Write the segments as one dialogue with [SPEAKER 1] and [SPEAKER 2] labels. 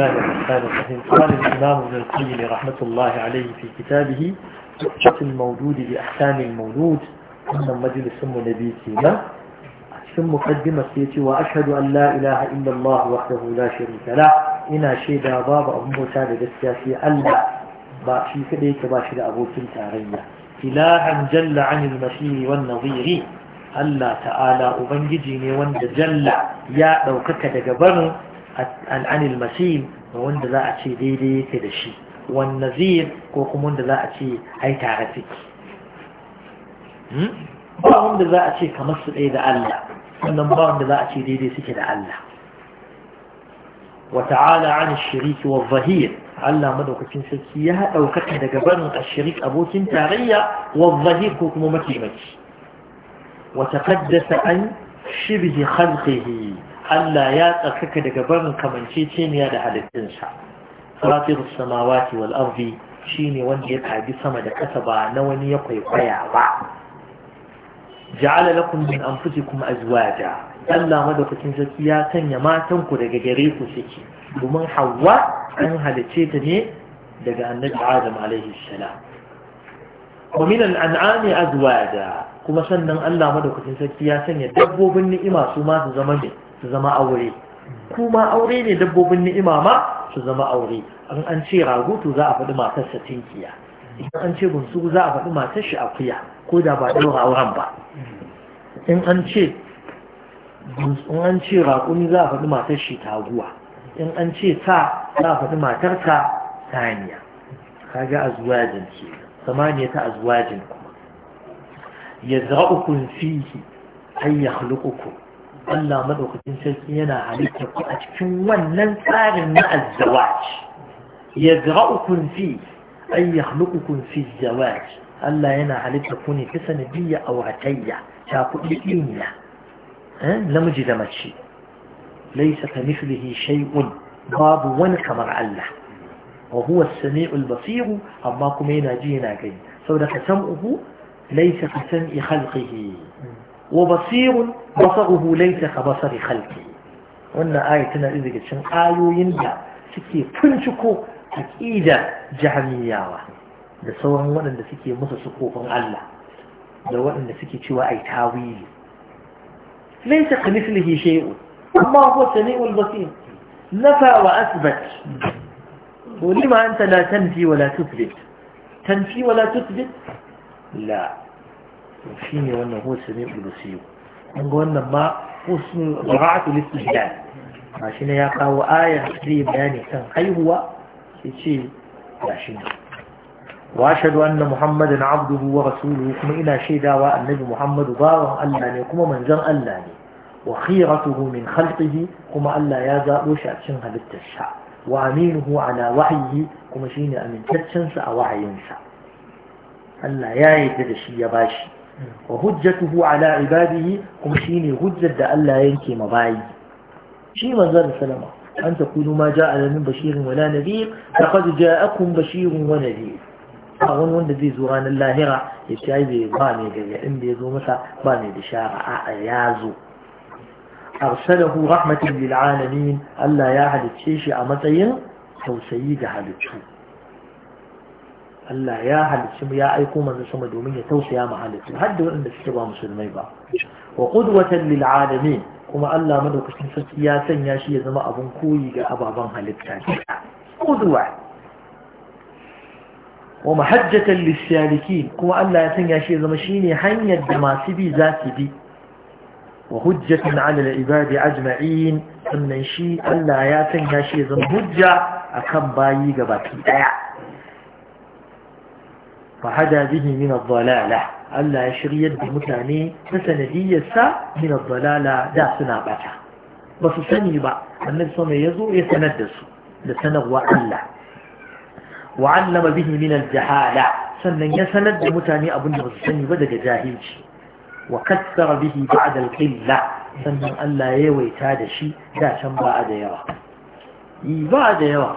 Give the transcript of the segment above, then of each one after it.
[SPEAKER 1] الله الرحمن الرحيم قال الإمام ابن القيم رحمة الله عليه في كتابه حجة المولود بأحسان المولود أن مجلس نبي سيما ثم مقدمة سيتي وأشهد أن لا إله إلا الله وحده لا شريك له إنا شيدا بابا أم سالة السياسية ألا باشي كديك باشي أبو تنتارية إلها جل عن المسيح والنظير Allah ta'ala Ubangiji ne wanda jalla ya ɗaukaka daga barin عن المثيل وان ذا أتي دي دي كده شي والنذير وكم وان ذا أتي أي تعرفك ba wanda za ce kamar su ɗaya da Allah sannan ba wanda za ce daidai suke da Allah wa ta'ala an shiriki wa zahir Allah madaukakin sarki ya ɗaukaka daga barin ashirik abokin tarayya wa ko kuma mataimaki wa an shibhi khalqihi Allah ya tsarkaka daga barin kamanceceniya da halittinsa fatirus samawati wal ardi shine wanda ya kaji sama da ƙasa ba na wani ya kwaikwaya ba ja'ala lakum min anfusikum azwaja Allah madaukakin sarki ya sanya matan daga gare ku suke domin Hawwa an halice ta ne daga annabi Adam alaihi salam wa min al'an'ami azwaja kuma sannan Allah madaukakin sarki ya sanya dabbobin ni'ima su ma su zama ne su zama aure kuma aure ne dabbobin ni'ima ma su zama aure an an ce rago to za a faɗi matarsa tinkiya In an ce bunsu za a faɗi matar shi akuya ko da ba ɗaura auren ba in an ce in an ce raƙumi za a faɗi matar shi taguwa in an ce ta za a faɗi matar ta saniya kaga azwajin ce samaniya ta azwajin kuma ya za'ukun fihi ay yakhluqukum Allah madaukakin sarki yana halitta ku a cikin wannan tsarin na azzawaj ya fi ay yakhluqukum fi zawaj Allah yana halitta ku ne ta sanadiyya auratayya ta kuɗi ɗinya eh, namiji da mace laisa ka shay'un babu wani kamar Allah wa huwa as-sami'ul basir amma kuma yana ji yana gani saboda ka uhu laisa ka sam'i khalqihi وبصير بصره ليس كبصر خلقه وانا آيتنا إذا قلت شن آيو ينجا سكي تنشكو تكيدا جهنيا لصورا وانا اللي سكي مصر فان الله لو انا سكي شوى اي تاويل ليس كمثله شيء ما هو سميع البصير نفى وأثبت ولما أنت لا تنفي ولا تثبت تنفي ولا تثبت لا shi ne wannan hussein ulusiyu an ga wannan ba hussein ra'atul istihdad ma shi ya kawo ayar da ya bayani kan haihuwa shi ce ga shi ne wa shaɗu annan muhammadin abduhu kuma ina shaidawa annabi muhammadu bawan allah ne kuma manzan allah ne wa khiratuhu min khalqihi kuma allah ya zaɓo shi a cikin halittar sa wa aminuhu ala wahyihi kuma shine amintaccen sa a wahayin sa Allah ya yi da shi ya bashi wa hujjatuhu ala ibadihi kuma shine hujjar da Allah ya yanke ma bayi shi manzon sallama an takunu ma ja'a min bashirin wala nadhir laqad ja'akum bashirun wa nadhir ba wani wanda zai zo ranar lahira ya ci aibe ba mai gargaɗin da ya zo masa ba mai da shara a ya zo arsalahu rahmatin lil alamin Allah ya halicce shi a matsayin tausayi da halittu Allah ya halicci ya aiko manzo sama domin ya tausaya ma halittu har da waɗanda suke ba musulmai ba wa qudwatan lil alamin kuma Allah madaukakin sarki ya sanya shi ya zama abun koyi ga ababen halitta qudwa wa mahajjatan lis kuma Allah ya sanya shi ya zama shine hanyar da masu bi za su bi ajma'in, sannan shi Allah ya sanya shi ya zama hujja akan أكم باي ɗaya. فهدى به من الضلالة ألا يشري يد متاني نسندية سا من الضلالة دا سنابتها بس سني بقى النبي صلى الله عليه وسلم يتندس لسنغوى الله وعلم به من الجهالة sannan ya sanar da mutane abunda da ba su sani ba daga jahilci wa kassara bihi ba'da al-qilla sannan Allah ya yawaita da shi da can ba da yawa yi ba da yawa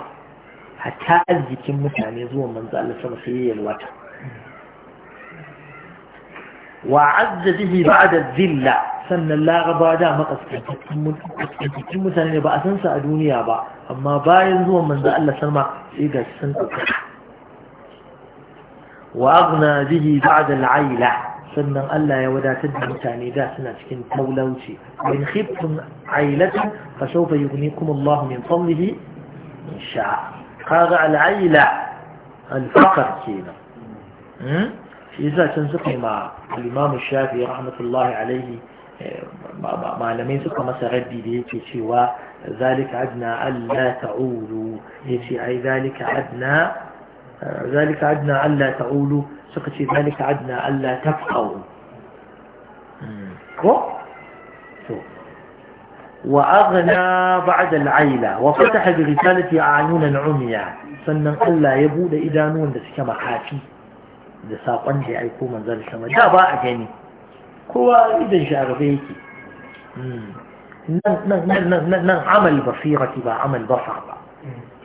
[SPEAKER 1] hatta arzikin mutane zuwa manzo sai ya wa'adda dihi ba a da zilla sannan laraba da makaskantattun mutane ba a sansa a duniya ba amma bayan zuwa manzo Allah sama sai ga san wa'adda dihi ba a da la'ayila sannan Allah ya wadatar da mutane da suna cikin taulauci bin khifin ailatun fashau bai yi kuma Allah min fallihi sha kaga al'ayila alfakar kenan Hmm? shi yasa can suka yi ma al Shafi rahmatullahi alaihi malamai suka masa raddi da yake cewa zalika adna alla ta'ulu yace ai zalika adna zalika adna alla ta'ulu suka ce zalika adna alla tafqahu hmm. ko to وأغنى بعد العيلة وفتح umiya sannan عميا ya ألا يبود da دسك makafi. da saƙon da ya aiko manzan sama da ba a gani kowa idan shi a gaba yake hmm. nan amal basirati ba amal basar ba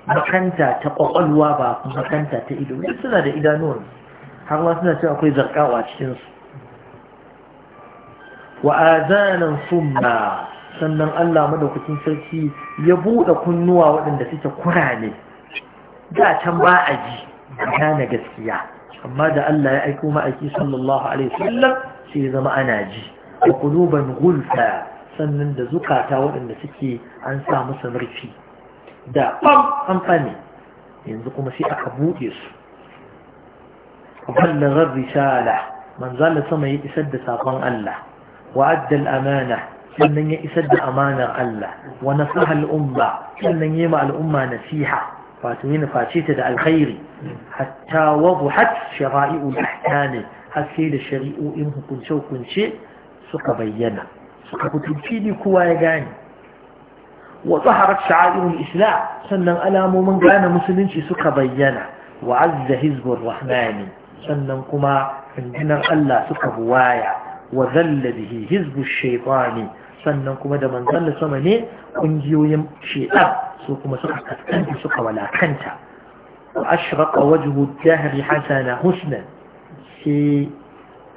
[SPEAKER 1] makanta ta ƙwaƙwalwa ba makanta ta ido duk suna da idanuwan har ma suna cewa akwai zarkawa cikinsu wa azanan summa sannan Allah madaukakin sarki ya buɗe kunnuwa waɗanda suke kurane da can ba a ji gane gaskiya amma da Allah ya aiko ma'aiki sallallahu alaihi wasallam sai ya zama ana ji da quluban gulfa sannan da zukata waɗanda suke an sa da fam amfani yanzu kuma sai aka buɗe su ballagar risala manzala sama ya isar da sakon Allah wa'addal amana sannan ya isar da amanar Allah wa nasaha al sannan ya ma al nasiha فاتمين فاتشيت دا الخير حتى وضحت شرائع الأحكام حسيد الشريء إنه كن شو كن شيء سك بينا سك كتبتيني كوا يغاني وظهرت شعائر الإسلام سنن ألام من كان مسلم سك بينا وعز حزب الرحمن سنن كما عندنا الله سك بوايا وذل به حزب الشيطان سنن كما دا من ذل سمني كنجيو يم شيطان سوق سقع أسكنت سوق ولا كنت وأشرق وجه الدهر حسن حسنا في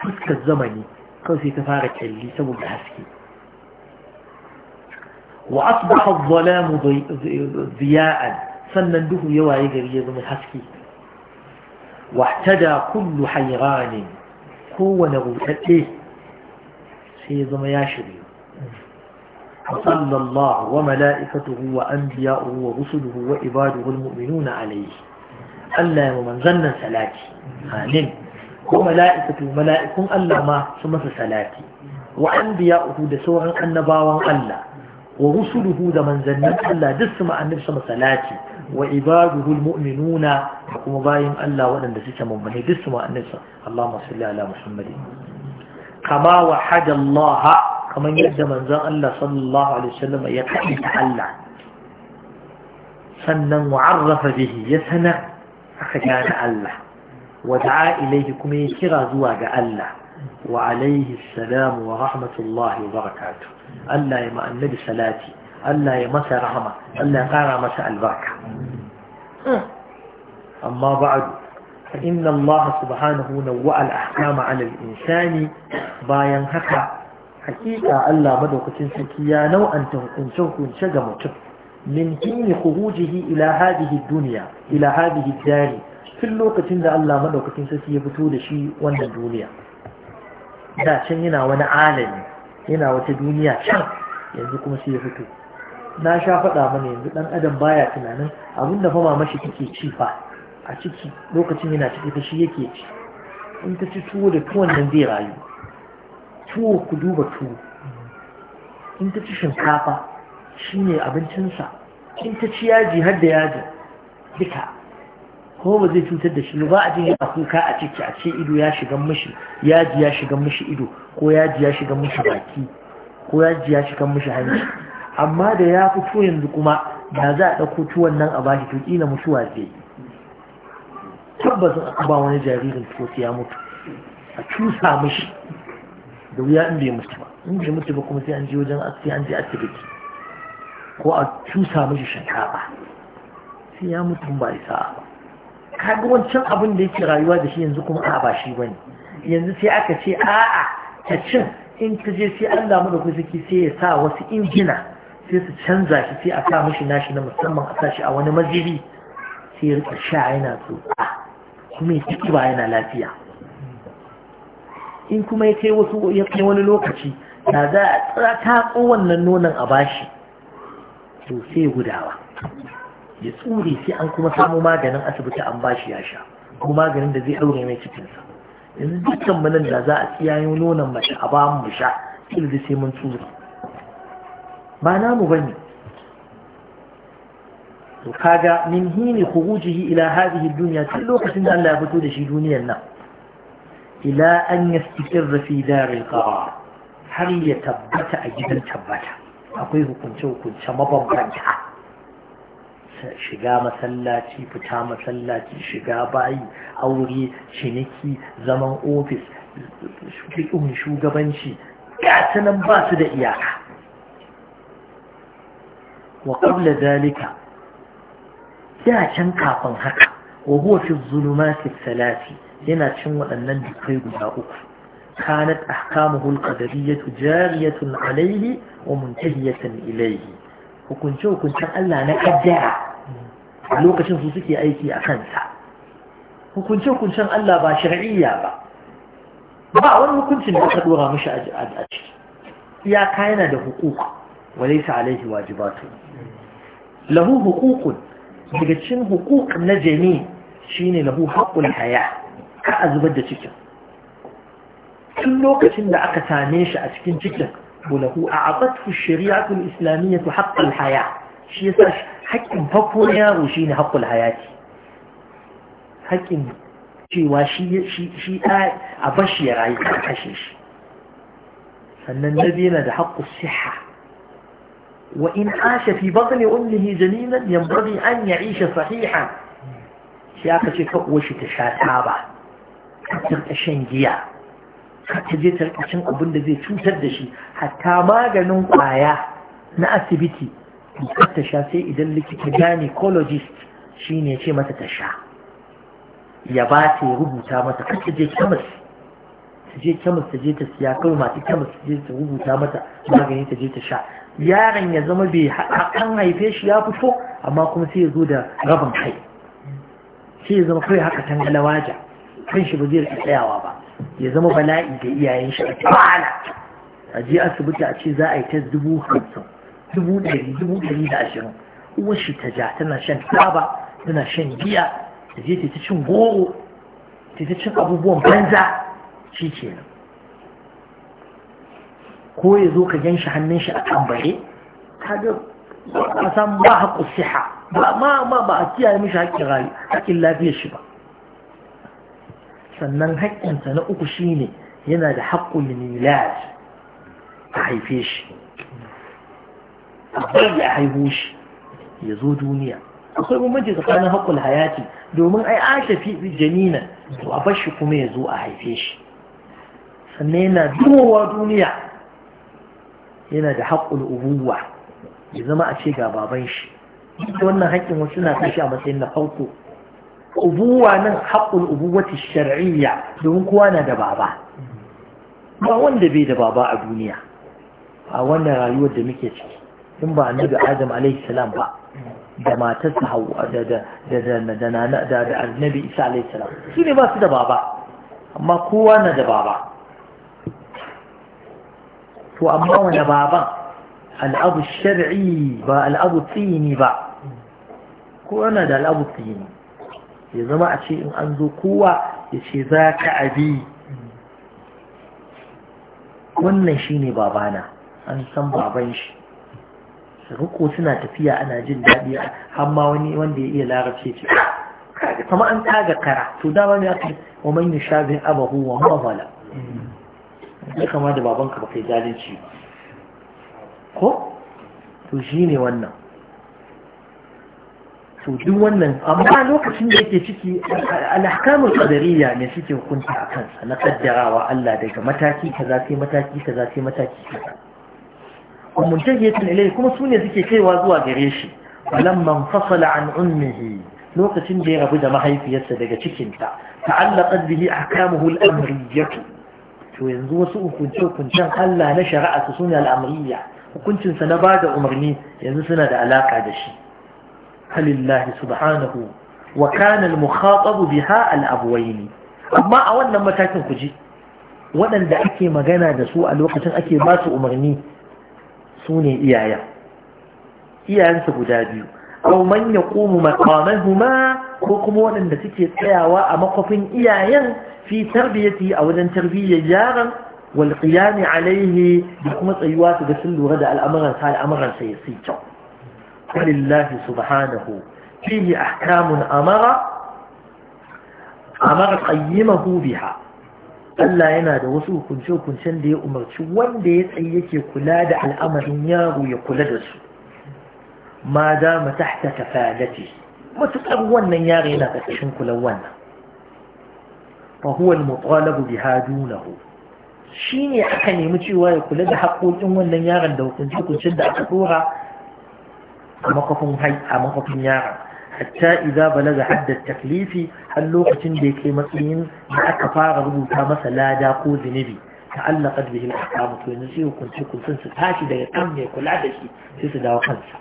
[SPEAKER 1] تلك الزمن قوسي تفارك اللي سوى الحسكي وأصبح الظلام ضياء به يواعي قريب من حسكي واحتدى كل حيران هو نغوتته إيه. سيد ما ياشري فصلى الله وملائكته وأنبياؤه ورسله وعباده المؤمنون عليه ألا ومن ظن سلاتي آمين وملائكته ملائكة ألا ما سمس سلاتي وأنبياؤه دسوعا النباوا ألا ورسله ده من ظن ألا دسم عن نفس سلاتي وعباده المؤمنون ومبايم ألا وأن دسيت ممني دسم عن نفس اللهم صل على محمد كما وحد الله kaman yadda manzan Allah sallallahu Alaihi wasallam ya kai ta Allah sannan mu'arrafa bihi ya sana aka gane Allah wa da'a ilaihi kuma ya kira zuwa ga Allah wa alaihi salam wa rahmatullahi wa barakatuh Allah ya ma annabi salati Allah ya masa rahama Allah ya kara masa albaraka amma ba'adu فإن الله سبحانه نوأ الأحكام على الإنسان باين هكا hakika Allah madaukakin sarki ya nau'anta hukunce hukunce ga mutum min hinni khurujihi ila hadhihi dunya ila hadhihi dari tun lokacin da Allah madaukakin sarki ya fito da shi wannan duniya da can yana wani alami yana wata duniya can yanzu kuma sai ya fito na sha faɗa mana yanzu ɗan adam baya tunanin abin da fama mashi take ci fa a ciki lokacin yana ciki ta shi yake ci in ta ci tuwo da tuwon nan zai rayu tuwo ku duba tuwo in ta ci shinkafa shi ne abincinsa in ta ci yaji har da yaji duka ko ba zai cutar da shi ba a jin a kuka a ciki a ce ido ya shiga mishi yaji ya shiga mishi ido ko yaji ya shiga mishi baki ko yaji ya shiga mishi hanci amma da ya fito yanzu kuma da za a ɗauko tuwon nan a bashi to kila mutuwa zai a ba wani jaririn tuwo ya mutu a cusa mishi da wuya in bai mutu ba in bai mutu ba kuma sai an je wajen sai an je asibiti ko a cusa mashi shinkafa sai ya mutu ba sa'a ba kaga wancan abin da yake rayuwa da shi yanzu kuma a ba shi ba ne. yanzu sai aka ce a'a ta cin in ta je sai Allah damu da ku sai ya sa wasu injina sai su canza shi sai a sa mashi nashi na musamman a sa shi a wani mazibi sai ya rika sha yana tsotsa kuma ya ciki ba yana lafiya in kuma ya kai wasu ya kai wani lokaci da za a tsaka wannan nonon a bashi to sai gudawa ya tsure sai an kuma samu maganin asibiti an bashi ya sha ko maganin da zai aure mai cikinsa yanzu dukkan manan da za a tsiyayo nonon mace a ba mu sha sai da sai mun tsuri ba namu bane to kaga min hini ku ila hadhihi duniya sai lokacin da Allah ya fito da shi duniyar nan ila an yastakirra fi daril har ya tabbata a gidan tabbata akwai hukunce hukunce mabambanta shiga masallaci fita masallaci shiga bayi aure ciniki zaman ofis fiƙin shugabanci gata nan ba su da iyaka wa ƙabla dalika can kafin haka wa huwa fi yana cin waɗannan dukkai guda uku kanat ahkamuhu alqadariyatu jariyatun alayhi wa muntahiyatan ilayhi hukunce hukuncin Allah na kaddara lokacin su suke aiki a kansa hukunce hukuncin Allah ba shar'iyya ba ba wani hukuncin da aka dora mishi a ciki iyaka yana da hukuku wa laysa alayhi wajibatu lahu hukukun daga cikin hukuk na jami shine lahu haqqul haya كأزبد أعطته الشريعة الإسلامية حق الحياة شي ساش حق حقنيا وشين حق الحياة حق شي واشي شي شي أبشي رأي أشيش فأن النبي ندى حق الصحة وإن عاش في بطن أمه جنينا ينبغي أن يعيش صحيحا شيخ شيخ وش تشاتها بعد ta shan giya ta je tarkacin abin da zai cutar da shi hatta maganin kwaya na asibiti ta sha sai idan likita gynecologist shi ne ce mata ta sha ya ba ta ya rubuta mata Ka ta je kemis ta je kemis ta je ta siya kawai masu kemis ta je ta rubuta mata magani ta je ta sha yaron ya zama bai an haife shi ya fito amma kuma sai ya zo da rabin kai sai ya zama kawai haka ja. kan shi ba zai rika tsayawa ba ya zama bala'i ga iyayen shi a tsala a je asibiti a ce za a yi ta dubu hamsin dubu ɗari dubu ɗari da ashirin uwar shi ta ja tana shan taba tana shan giya ta je ta cin goro ta cin abubuwan banza shi kenan ko ya zo ka gan shi hannun shi a tambare kaga ba san ba haƙƙo siha ba ma ba a kiyaye mishi haƙƙin rayu haƙƙin lafiyar shi ba sannan haƙƙinsa na uku shine yana da haƙƙul milaj a haife shi a bari a haihu shi ya zo duniya akwai bambanci tsakanin haƙƙul hayati domin ai an shafi janina to a bar kuma ya zo a haife shi sannan yana duwowa duniya yana da haƙƙul ubuwa ya zama a ce ga baban shi wannan haƙƙin wasu na kashi a matsayin na farko ubuwa nan haƙul ubuwati shar'iyya domin kowa na da baba ba wanda bai da baba a duniya a wannan rayuwar da muke ciki in ba annabi adam alaihi salam ba da matarsa hawa da da da da da annabi isa alaihi salam su ne ba su da baba amma kowa na da baba to amma wani baban al'abu shar'i ba al'abu tsini ba kowa na da al'abu tsini ya zama a ce in an zo kowa ya ce za ka abi wannan shi ne babana an san baban shi riko suna tafiya ana jin daɗi hamma wani wanda ya iya larabce ce ah, kama an taga kara to dama ne aka wa manyan shafin abahu wa mawala ya kama da babanka ba kai zalunci ba ko to shi ne wannan to duk wannan amma lokacin da yake ciki alhakamun qadariya ne suke hukunta a kansa na kaddarawa Allah daga mataki kaza sai mataki kaza sai mataki kaza wa muntahiyatin ilayhi kuma sune suke kaiwa zuwa gare shi man fasala an ummihi lokacin da ya rabu da mahaifiyarsa daga cikinta ta'allaqat bihi ahkamuhu al-amriyyah to yanzu wasu hukunce hukuncen Allah na shari'a su sune al-amriyya hukuncinsa na bada umarni yanzu suna da alaka da shi فلله سبحانه وكان المخاطب بها الأبوين أما أولا ما تاكن كجي ولن دا أكي مغانا دا سوء الوقت أكي باتو أمرني سوني إيايا إيايا سبجابيو أو من يقوم مقامهما وكم ولن دا سكي تياوا أمقف إيايا في تربيته أو لن تربية جارا والقيام عليه بكم أيوات دا سلو غدا الأمر سال أمر سيسيتو ولله سبحانه فيه أحكام أمر أمر قيمه بها Allah yana da wasu hukunce-hukuncen da ya umarci wanda ya tsaye yake kula da al'amarin yaro ya kula da su, Maza za mu tahta kafalati, matuƙar wannan yaro yana ƙarƙashin kulan wannan. Fahuwal mutsalabu bi hadunahu shi ne aka nemi cewa ya kula da haƙoƙin wannan yaron da hukunce-hukuncen da aka tura makafin hai a makafin yara hatta bala balaga hadda taklifi har lokacin da yake matsayin da aka fara rubuta masa lada ko zinubi ta'allaqat bihi al-ahkam to yanzu sai hukunci kuncin su tashi daga kan mai kula da shi sai su dawo kansa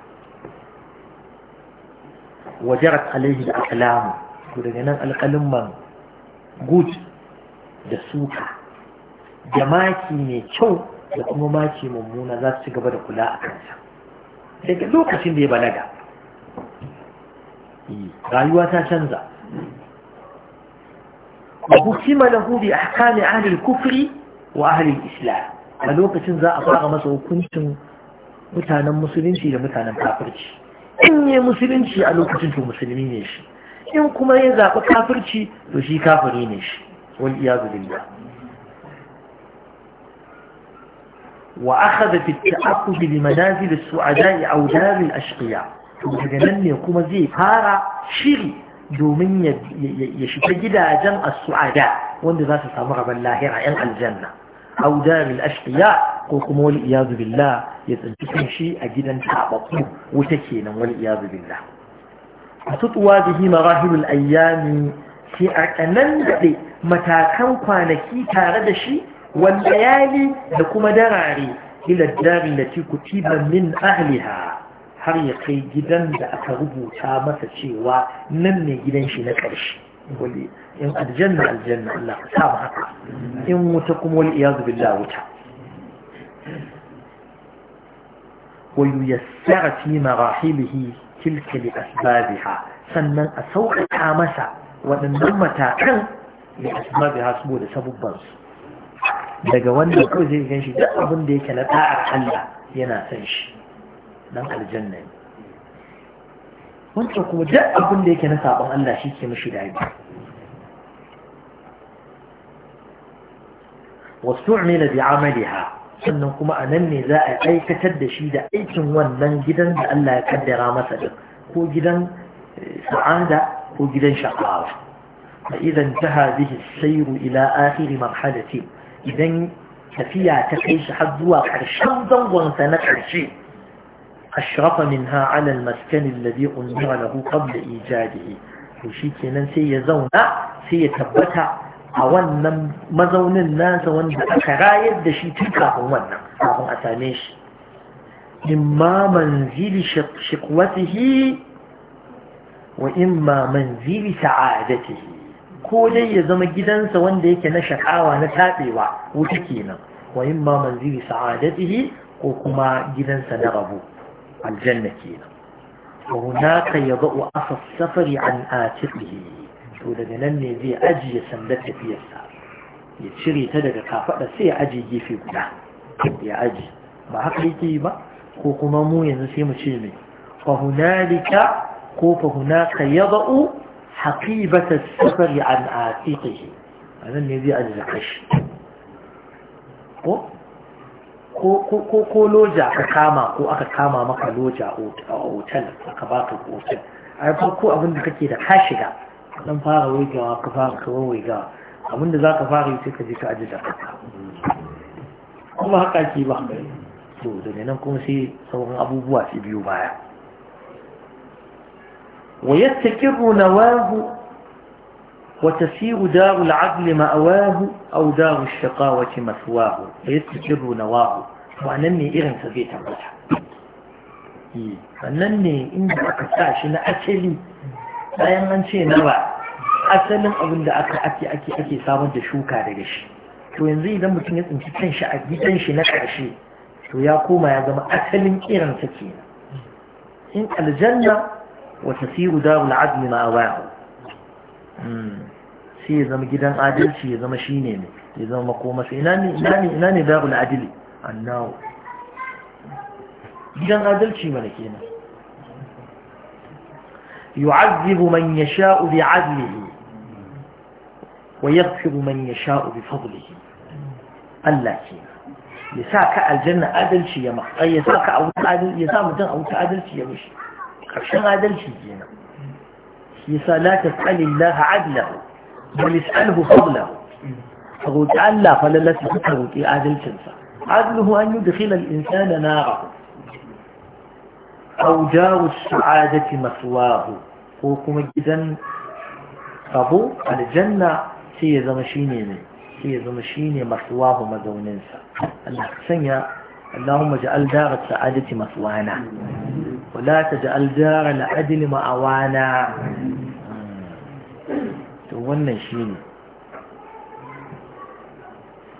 [SPEAKER 1] wajarat alaihi da akalamu ko daga nan alkalin man good da suka da maki mai kyau da kuma maki mummuna za su ci gaba da kula a kansa sai lokacin da ya balaga hmm. rayuwa ta canza ba hukima da a kane ahalin kufri wa ahalin isla a lokacin za a fara masa hukuncin mutanen musulunci da mutanen kafirci in yi musulunci a lokacin to musulmi ne shi in kuma ya zaɓi kafirci to shi kafiri ne shi wani iya zubin ba وأخذ بالتأكد لمنازل السعداء أو دار الأشقياء وجنن يقوم زي فارا شيري دومين يشتجد أجن السعداء وانت ذات سامر بالله رأيان الجنة أو دار الأشقياء قوكم والإياذ بالله يتنتكم شيء أجدا تعبطوا وتكينا والإياذ بالله أتطوى به مراهب الأيام في أنن متى كان كوانكي تارد شيء Wallayali da kuma لكم دراري إلى da التي كتب من ahliha, har ya kai gidan da aka rubuta masa cewa nan ne gidan shi na ƙarshe wali in aljanna aljanna Allah ka sa haka in wuta kuma iya iyazu billah wuta wa yuyassara fi marahilihi tilka li asbabiha sannan a sauƙaƙa masa waɗannan matakan li asbabiha saboda sabubban daga wanda kawai zai gan shi duk abin da yake na ta'ar Allah yana san shi dan aljanna ne wancan kuma duk abin da yake na sabon Allah shi ke mishi dadi wasu amila bi amaliha sannan kuma a ne za a aikatar da shi da aikin wannan gidan da Allah ya kaddara masa din ko gidan eh, sa'ada ko gidan sha'awa fa idan taha bihi sayru ila akhir marhalatin idan tafiya ta kai shi har zuwa ƙarshen zangonsa na ƙarshe ashrafa minha ala da maskan alladhi unzira lahu qabla ijadihi to kenan sai ya zauna sai ya tabbata a wannan mazaunin nasa wanda aka rayar da shi tun kafin wannan kafin a same shi imma manzili shiqwatihi wa imma manzili sa'adatihi ko dai ya zama gidansa wanda yake na shakawa na taɓewa wuta kenan wa yin ma manzili sa'adatihi ko kuma gidansa na rabu aljanna kenan wa hunaka yadau asas safari an atiqihi to daga nan ne zai ajiye sandar tafiyarsa ya cire ta daga kafada sai ya ajiye gefe guda ya aji ba haka yake ba ko kuma mu yanzu sai mu ce mai fa hunalika ko fa hunaka yadau حقيبة السفر عن عاتقه هذا النبي الزكش ko loja aka kama ko aka kama maka loja a otal aka baka otal a farko abinda kake da ka shiga dan fara waigawa ka fara kawai abin abinda za ka fara yi sai ka je ka aji da kuma haka ke ba to da nan kuma sai sauran abubuwa su biyu baya ويستقر نواه وتسير دار العدل مأواه أو دار الشقاوة مثواه ويستقر نواه وأنني إغن سبيت الرجح أنني إن أكتاش أنا أتلي لا يمنشي نوى أسلم أبن لأك أكي أكي أكي سامد شوكا لغش to yanzu idan mutum ya tsinci kanshi a gidanshi na ƙarshe to ya koma ya zama asalin kiransa kenan in aljanna وتسير دار العدل ما أواه شيء إذا ما جدا عادل شيء إذا ما شيء إذا ما قوم شيء ناني ناني ناني دار العدل الناو جدا عادل شيء ملكينا يعذب من يشاء بعدله ويغفر من يشاء بفضله الله كينا يساك الجنة عادل شيء يا يساك أو عادل يساك أو عادل شيء يا عشان عدلش الجنة يسا لا تسأل الله عدله بل اسأله فضله فقلت ألا فلا لا تسأل عدل شنسا عدله أن يدخل الإنسان ناره أو جار السعادة مثواه قوكم جدا فبو على الجنة سي زمشيني سي زمشيني مثواه مدوننسا الله سنيا اللهم جعل دار السعادة مثوانا Wala da ولا تجعل دار العدل To wannan shi ne.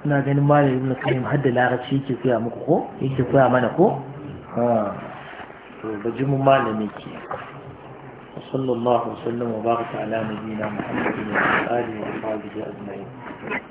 [SPEAKER 1] ina ganin malam ibn qayyim hadda larabci yake koya muku ko yake koya mana ko To to ji mu malami ke sallallahu alaihi wa sallam wa baraka ala nabiyyina muhammadin wa alihi wa sahbihi ajma'in